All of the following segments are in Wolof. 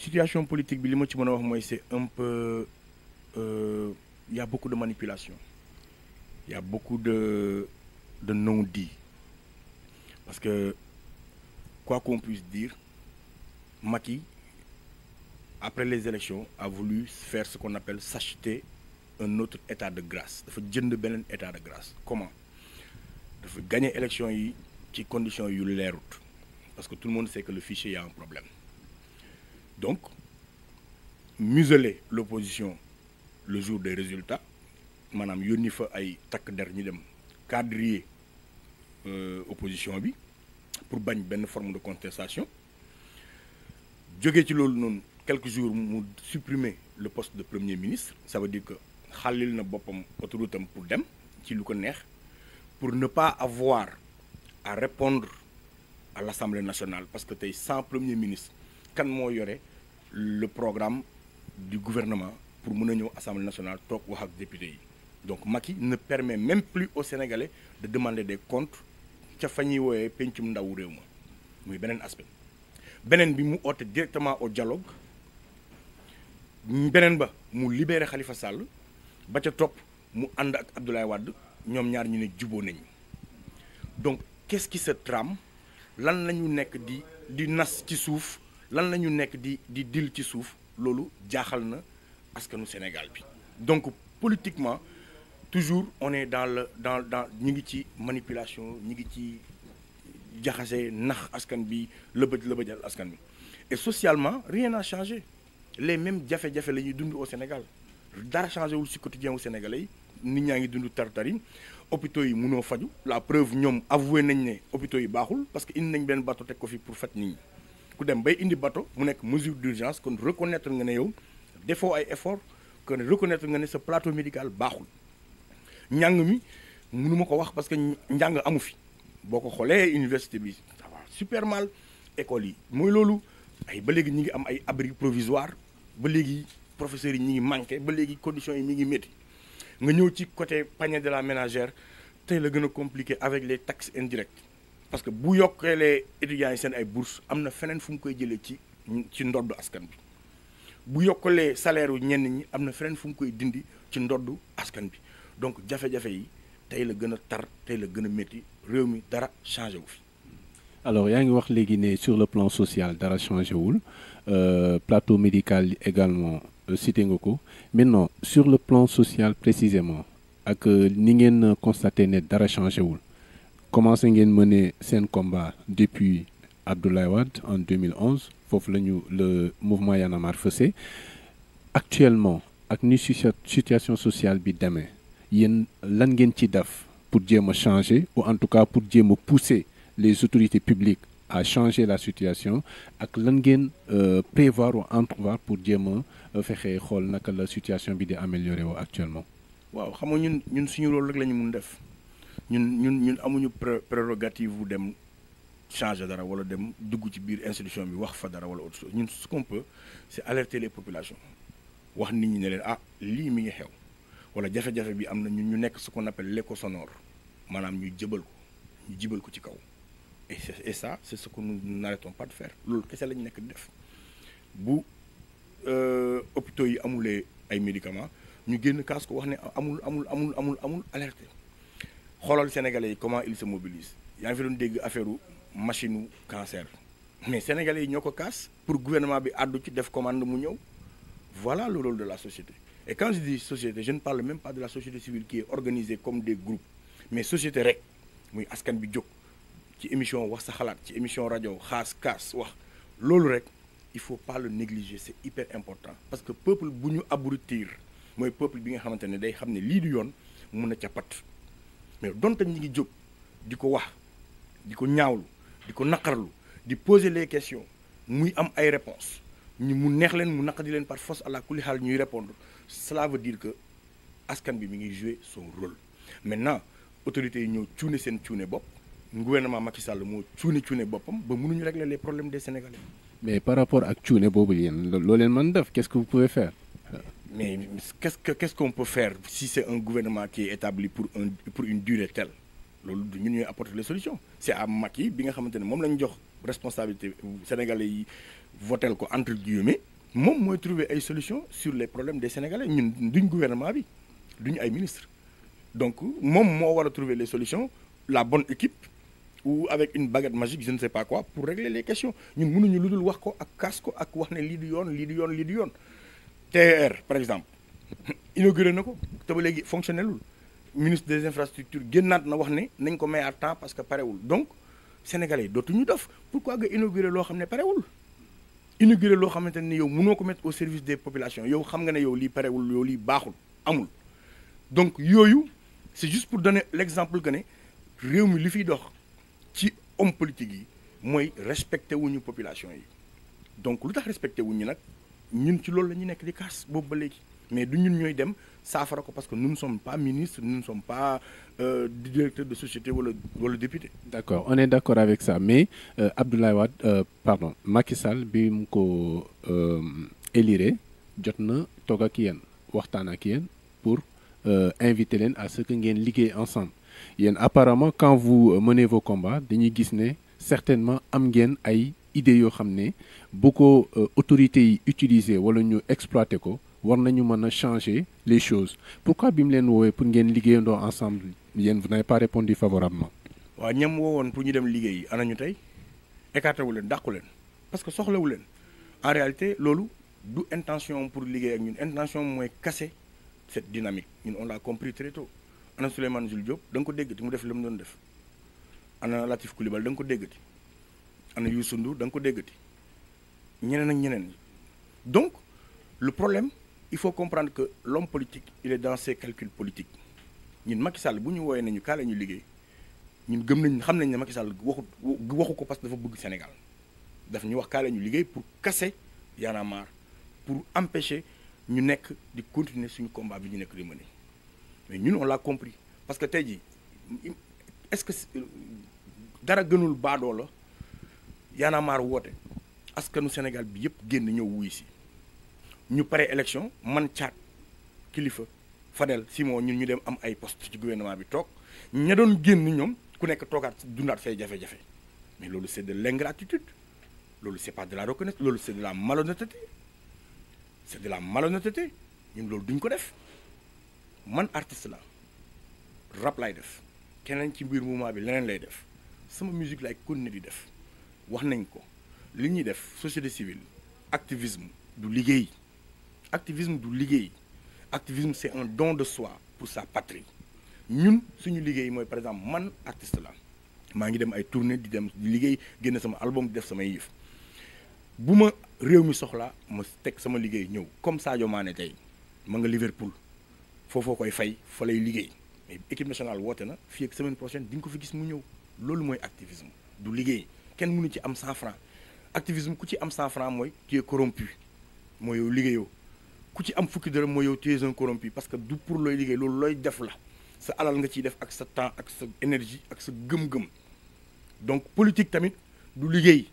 situation politique bi li ma ci mën a wax mooy c'est un peu euh, beaucoup de manipulation y a beaucoup de de non-dits parce que quoi qu'on puisse dire Macky après les élections a voulu faire ce qu'on appelle s'acheter un autre état de grâce dafa jënd beneen état de grâce comment dafa gagner élection yi ci condition yu leerut parce que tout le monde sait que le fichier y un problème donc museler l'opposition le jour des résultats maanaam yonni fa ay takk der ñu dem quadriller euh, opposition bi pour bañ benn forme de contestation jóge ci loolu noonu quelques jour mu supprimer le poste de premier ministre ça veut dire que xàllil na boppam autoroute pour dem ci lu ko neex pour ne pas avoir à répondre à l'Assemblée nationale parce que tey sans premier ministre kan moo yore le programme du gouvernement pour mën a ñëw assemblée nationale toog wax ak député yi donc Macky ne permet même plus au Sénégalais de demander des comptes ca fa ñuy woowee pencum ndawu réew ma muy beneen aspect beneen bi mu oote directement au dialogue beneen ba mu libéré xalifa Sall ba ca topp mu ànd ak Abdoulaye Wade ñoom ñaar ñu ne juboo nañu donc qu'est-ce qui se lan lañu nekk di di nas ci suuf lan la ñu nekk di di dill ci suuf loolu jaaxal na askanu Sénégal bi donc politiquement toujours on est dans le dans dans ñi ngi ci manipulation ñi ngi ci jaxase nax askan bi lëbëj lëbëjal askan bi et socialement rien n'a changé les mêmes jafe-jafe la ñuy dund au Sénégal dara changé wul si quotidien wu sénégalais yi nit ñaa ngi dund tartarine hôpitaux yi mënoo faju la preuve ñoom avoué nañ ne hôpitaux yi baaxul parce que indi nañ benn bateau teg ko fi pour faj nit ku dem bay indi bateau mu nekk mesure d'urgence kon reconnaître nga ne yow defoo ay effort kon reconnaître nga ne sa plateau médical baaxul njàng mi mënuma ko wax parce que njàng amu fi boo ko xoolee université bi ça va super mal école yi mooy loolu ay ba léegi ñi ngi am ay abri provisoire ba léegi professeur yi ñi ngi manqué ba léegi conditions yi mi ngi métti nga ñëw ci côté panier de la ménagère tey la gën a compliqué avec les taxes indirectes parce que bu yokkeelee étudiants yi seen ay bourse am na feneen fu mu koy jëlee ci ci ndoddu askan bi bu yokkalee salaire yu ñenn ñi am na feneen fu mu koy dindi ci ndoddu askan bi donc jafe-jafe yi tey la gën a tar tey la gën a métti réew mi dara changé wu fi. alors yaa ngi wax léegi ne sur le plan social dara changé wul euh, plateau médical également euh, cité nga ko maintenant sur le plan social précisément ak euh, ni ngeen constaté ne dara changé wul. commencé ngeen mener seen combat depuis Abdoulaye Wade en 2011 foofu la ñu le mouvement Y en a marre actuellement ak ni situation sociale bi demee yéen lan ngeen ci def pour jéem a changer ou en tout cas pour jéem a pousser les autorités publiques à changer la situation ak lan ngeen euh, prévoir ou entrevoir pour jéem euh, fexe xool naka la situation bi di améliorer woo actuellement. waaw xam ñun ñun suñu rôle rek la mun def. ñun ñun ñun amuñu prérogative bu dem changer dara wala dem dugg ci biir institution bi wax fa dara wala autre ñun ce qu'on peut c'est alerter les populations wax nit ñi ne leen ah lii mi ngi xew wala jafe-jafe bi am na ñun ñu nekk su ko appelle lekko sonore maanaam ñu jëbal ko ñu jibal ko ci kaw et et ça c'est ce que nareton n'arrêtons pas de faire loolu kese la ñu nekk di def bu euh, hôpitaux yi amulee ay médicaments ñu génn kaas ko wax ne amul amul amul amul amul alerte xoolal sénégalais yi comment ils se mobilisent yaa ngi fi doon dégg affaire machine cancer mais sénégalais yi ñoo ko kaas pour gouvernement bi àddu ci def commande mu ñëw voilà le de la société et quand je dis société je ne parle même pas de la société civile qui est organisée comme de groupes mais société rek muy askan bi jóg ci émission wax sa xalaat ci émission rajo xaas kaas wax loolu rek il faut pas le négliger c'est hyper important parce que peuple bu ñu abrutir mooy peuple bi nga xamante ne day xam ne lii du yoon mun a capat mais donte ñi ngi jóg di ko wax di ko ñaawlu di ko naqarlu di poser les question muy am ay réponses ñu mu neex leen mu naqadi leen par force à la kulli xaal ñuy répondre cela veut dire que askan bi mi ngi jouer son rôle maintenant autorités yi ñëw cuune seen cuune bopp gouvernement Macky Sall moo cuune cuune boppam ba mënuñu régler les problèmes des Sénégalais mais par rapport ak cuune boobu yéen loo leen mën def qu'est-ce que vous pouvez faire mais qu'est-ce que qu'est-ce qu'on peut faire si c'est un gouvernement qui est établi pour un pour une loolu du ñun ñooy apporter les solutions c'est à Macky bi nga xamante ne moom lañu jox responsabilité sénégalais yi votel ko entre guillemets moom mooy trouver ay solutions sur les problèmes des sénégalais ñun duñ gouvernement bi duñu ay ministre donc moom moo war a trouver les solutions la bonne équipe ou avec une baguette magique je ne sais pour régler les ñun mënuñu lu dul wax ko ak kaas ko ak ne lii yoon lii du yoon lii du yoon TER par exemple inauguré na ko te ba léegi fonctionnelul ministre des infrastructures génnaat na wax ne nañ ko may à temps parce que parewul donc sénégalais yi dootuñu def pourquoi nga inauguré loo xam ne parewul inauguré loo xamante ne yow mënoo ko mettre au service des populations yow xam nga ne yow lii parewul yow lii baaxul amul donc yooyu c'est juste pour donner l'exemple que ne réew mi li fiy dox ci homme politique yi mooy respecté wuñu population yi donc lu tax respecté wuñu nag ñun ci loolu la ñu nekk di kaas boobu ba léegi mais du ñun ñooy dem saafara ko parce que nous ne sommes pas ministres nous ne pas euh, directeur de société wala wala député. d'accord on est d'accord avec ça mais euh, Abdoulaye Wade euh, pardon Macky Sall bi mu ko euh, élire jot na toog ak yéen waxtaan ak yéen pour euh, inviter leen à ce que ngeen liggéey ensemble yéen apparemment quand vous menez vos combats dañuy gis ne certainement am ngeen ay. idées yoo xam ne bu ko euh, autorités yi utiliser wala ñu exploiter ko war nañu mën a changer les choses pourquoi bi mu leen woowee pour ngeen liggéeyandoo ensemble yéen vous n'avez pas répondu favorablement. waaw ñam woowoon pour ñu dem liggéey ana ñu tey écarté wu leen dàqu leen parce que soxlawu leen en réalité loolu du intention pour liggéey ak ñun intention mooy casser cette dynamique ñun on l'a compris très tôt ana Souleymane Jules Diop da nga ko déggati mu def la mu doon def ana Latif Coulibaly da nga ko déggati. ana Youssou Ndour da nga ko déggati ñeneen ak ñeneen donc lu problème il faut comprendre que l'homme politique il est dans ses politique ñun Macky Sall bu ñu wooyee nañu kaale ñu liggéey ñun gëm nañu xam nañ ne Macky Sall waxu waxu ko parce que dafa bëgg Sénégal daf ñu wax kaale ñu liggéey pour casser Y pour empêcher ñu nekk di continuer suñu combat bi ñu nekk di mener mais ñun on l'a compris parce que tey jii est-ce que dara gënul baadoo la yaanamaar woote askanu Sénégal bi yëpp génn ñëw wuy si ñu pare élection man caat kilifa Fadel Simon ñun ñu dem am ay post ci gouvernement bi toog ña doon génn ñoom ku nekk toogaat dundaat say jafe-jafe mais loolu c'est de l'ingratitude loolu c'est pas de la reconnaissance loolu c'est de la malhonnêteté c'est de la malhonnêteté ñun loolu duñ ko def man artiste la rap laay def keneen ci biir mouvement bi leneen lay def sama musique laay continuer di def wax nañ ko li ñuy def société civile activisme du liggéey activisme du liggéey activisme c'est un don de soi pour sa patrie ñun suñu liggéey mooy par exemple man artiste la maa ngi dem ay tournée di dem di liggéey génn sama album di def samay yëf bu ma réew mi soxla ma teg sama liggéey ñëw comme Sadio Mané tey ma nga Liverpool foofoo koy fay fa lay liggéey mais équipe nationale woote na fii ak semaine prochaine di nga ko fi gis mu ñëw loolu mooy activisme du liggéey kenn mënu ci am 100 francs activisme ku ci am 100 mooy tu es corrompu mooy yow liggéeyoo ku ci am fukki dërëm mooy yow tu es un corrompu parce que du pour looy liggéey loolu looy def la sa alal nga ciy def ak sa temps ak sa énergie ak sa gëm-gëm donc politique tamit du liggéey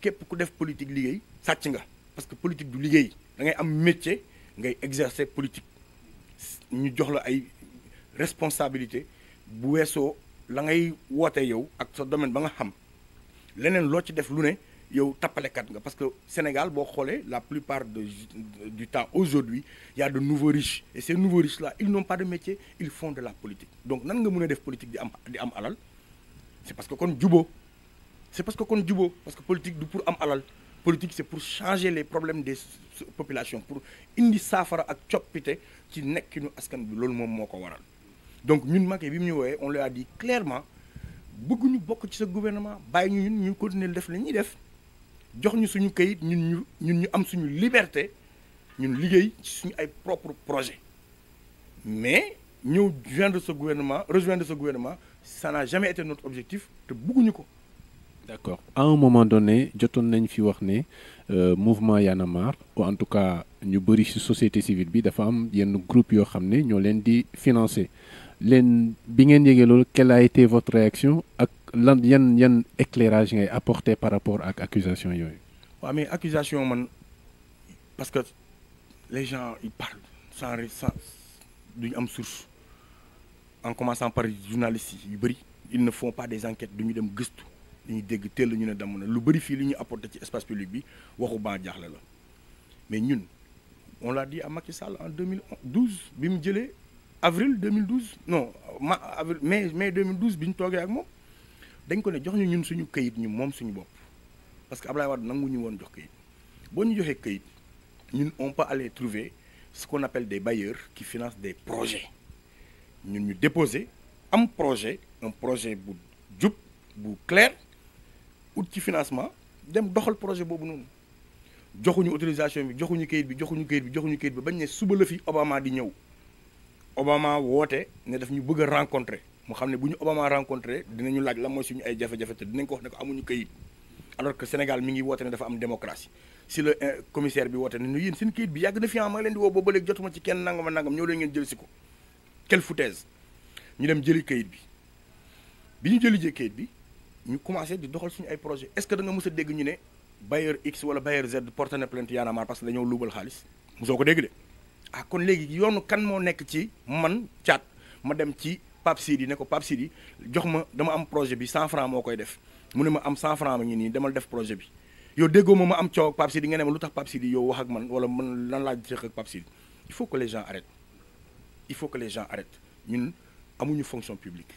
képp ku def politique liggéey sàcc nga parce que politique du liggéey da ngay am métier ngay exercer politique ñu jox la ay responsabilité bu weesoo la ngay woote yow ak sa domaine ba nga xam leneen loo ci def lu ne yow tappalekat nga parce que Sénégal boo xoolee la plupart de du temps aujourd'hui il a de nouveaux riches et ces nouveaux riches là ils n'ont pas de métier ils font de la politique donc nan nga mën a def politique di am di am alal c'est parce que kon juboo c'est parce que kon juboo parce que politique du pour am alal politique c'est pour changer les problèmes des populations pour indi saafara ak coppite ci nekkinu askan bi loolu moom moo ko waral donc ñun Macky bi mu ñu woowee on lui a bëgguñu bokk ci sa gouvernement bàyyi ñu ñun ñu continuer def li ñuy def jox ñu suñu kayit ñun ñu ñun ñu am suñu liberté ñun liggéey ci suñu ay propre projet mais ñëw joindre ce gouvernement rejoindre ce gouvernement ça n'a jamais été notre objectif te bëgguñu ko d'accord en un moment donné jotoon nañu fi wax ne euh, mouvement Y'en a marre ou en tout cas ñu bëri ci société civile bi dafa am yenn groupe yoo xam ne ñoo leen di financer leen bi ngeen yëgee loolu quelle a été votre réaction ak lan yan yan éclairage ngay apporté par rapport ak accusation yooyu waaw mais accusation man parce que les gens ils parlent sans sans duñu am source en commençant par journalistes yi yu bëri ils ne font pas des enquêtes duñu dem gëstu dañuy dégg teel ñu ne damm na lu bëri fii li ñu apporté ci espace public bi waxu baa jaaxle la mais ñun on l'a dit à Macky Sall en bi mu jëlee avril 2012 non ma avril mai mai 2012 bi ñu toogee ak moom dañ ko ne jox ñu ñun suñu kayit ñu moom suñu bopp parce que Ablaye Wade nangu ñu woon jox kayit boo ñu joxee kayit ñun on peut aller trouver ce qu'on appelle des bailleurs qui finance des projets ñun ñu déposer am projet un projet bu jub bu clair ut ci financement dem doxal projet boobu noonu joxuñu autorisation bi joxuñu kayit bi joxuñu kayit bi joxuñu kayit bi bañ ne suba la fi Obama di ñëw Obama woote ne daf ñu bëgg a rencontrer mu xam ne bu ñu Obama rencontrer dinañu laaj la mooy suñu ay jafe-jafe te dinañ ko wax ne ko amuñu kayit alors que Sénégal mi ngi woote ne dafa am démocratie si le eh, commissaire bi woote ne nu yéen seen kayit bi yàgg na fi ah, ma leen di woo ba léegi jotuma ci kenn nangam nangam ñoo leen ngeen jël si ko quelle foutaise ñu dem jëli kayit bi bi ñu jëli kayit bi ñu commencé di doxal suñu ay projet est-ce que da ñu ne bailleur X wala bailleur Z porté na plainte Y'en a marre parce ko dégg ah kon léegi yoonu kan moo nekk ci man caat ma dem ci Pape Sidi ne ko Pape Sidi jox ma dama am projet bi 100 francs moo koy def mu ne ma am 100 francs ma ngi nii demal def projet bi yow déggoo ma ma am coow ak Pape Sidi nga ne ma lu tax Pape di yow wax ak man wala man lan laa jeex ak Pape Sidi il faut que les gens arrêtent il faut que les gens arrêtent ñun amuñu fonction publique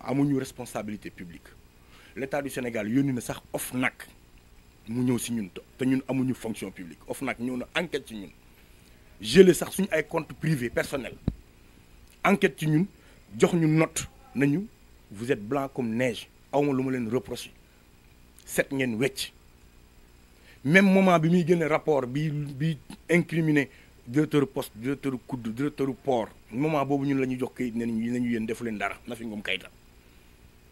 amuñu responsabilité publique l'État du Sénégal yónni na sax OFNAC mu ñëw si ñun te ñun amuñu fonction publique OFNAC ñëw na enquête ci ñun. gelé sax suñu ay compte privé personnel enquête ci ñun jox ñu note nañu vous êtes blanc comme neige awma lu ma leen reproché set ngeen wecc même moment bi muy génne rapport bi bi incriminé directeur poste directeur kudd directeur port moment boobu ñun la ñuy jox kayit ne nañu yéen defu leen dara na fi ngom kayita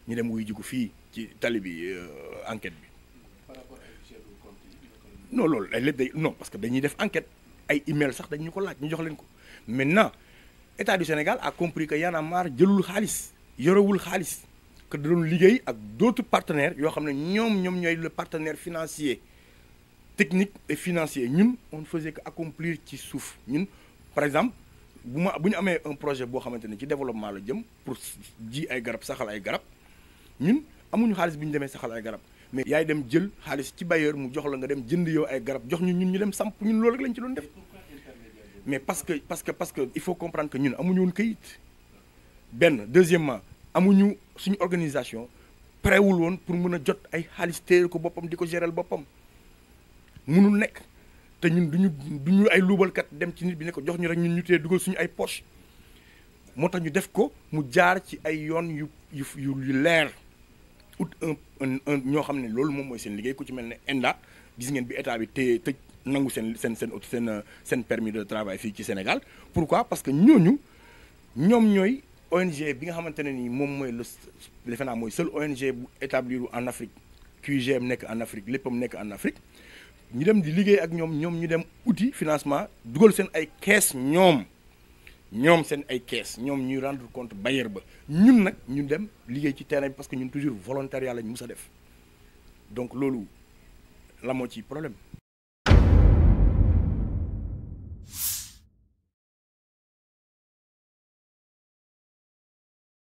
ñu dem wuy fii ci tali bi euh, enquête bi non loolu la day non parce que dañuy def enquête ay email sax dañ ñu ko laaj ñu jox leen ko maintenant état du Sénégal a compris que Y en jëlul xaalis yorewul xaalis que da liggéey ak d'autres partenaires yoo xam ne ñoom ñoom ñooy le partenaire financier technique et financier ñun on ne faisait que accomplir ci suuf ñun par exemple bu ma bu ñu amee un projet boo xamante ni ci développement la jëm pour ji ay garab saxal ay garab ñun amuñu xaalis bi ñu demee saxal ay garab mais yaay dem jël xaalis ci bailleur mu jox la nga dem jënd yow ay garab jox ñu ñun ñu dem samp ñun loolu rek lañ ci doon def mais parce que parce que parce que il faut comprendre que ñun amuñu woon kayit benn deuxièmement amuñu suñu organisation parewul woon pour mën a jot ay xaalis téere ko boppam di ko géral boppam munul nekk te ñun duñu duñu ay luubalkat dem ci nit bi ne ko jox ñu rek ñun ñu tee dugal suñu ay poche moo tax ñu def ko mu jaar ci ay yoon yu yu yu leer ut un ñoo xam ne loolu moom mooy seen liggéey ku ci mel ne inda gis ngeen bi état bi téye tëj nangu seen seen seen seen seen permis de travail fii ci Sénégal pourquoi parce que ñooñu ñoom ñooy ONG bi nga xamante ne nii moom mooy le defe naa mooy seul ONG bu établir en Afrique QGM nekk en Afrique léppam nekk en Afrique ñu dem di liggéey ak ñoom ñoom ñu dem uti financement dugal seen ay kees ñoom. ñoom seen ay caisse ñoom ñuy rendre compte bailleur ba ñun nag ñu dem liggéey ci terrain parce que ñun toujours volontariat lañ mus a def donc loolu la moo ci problème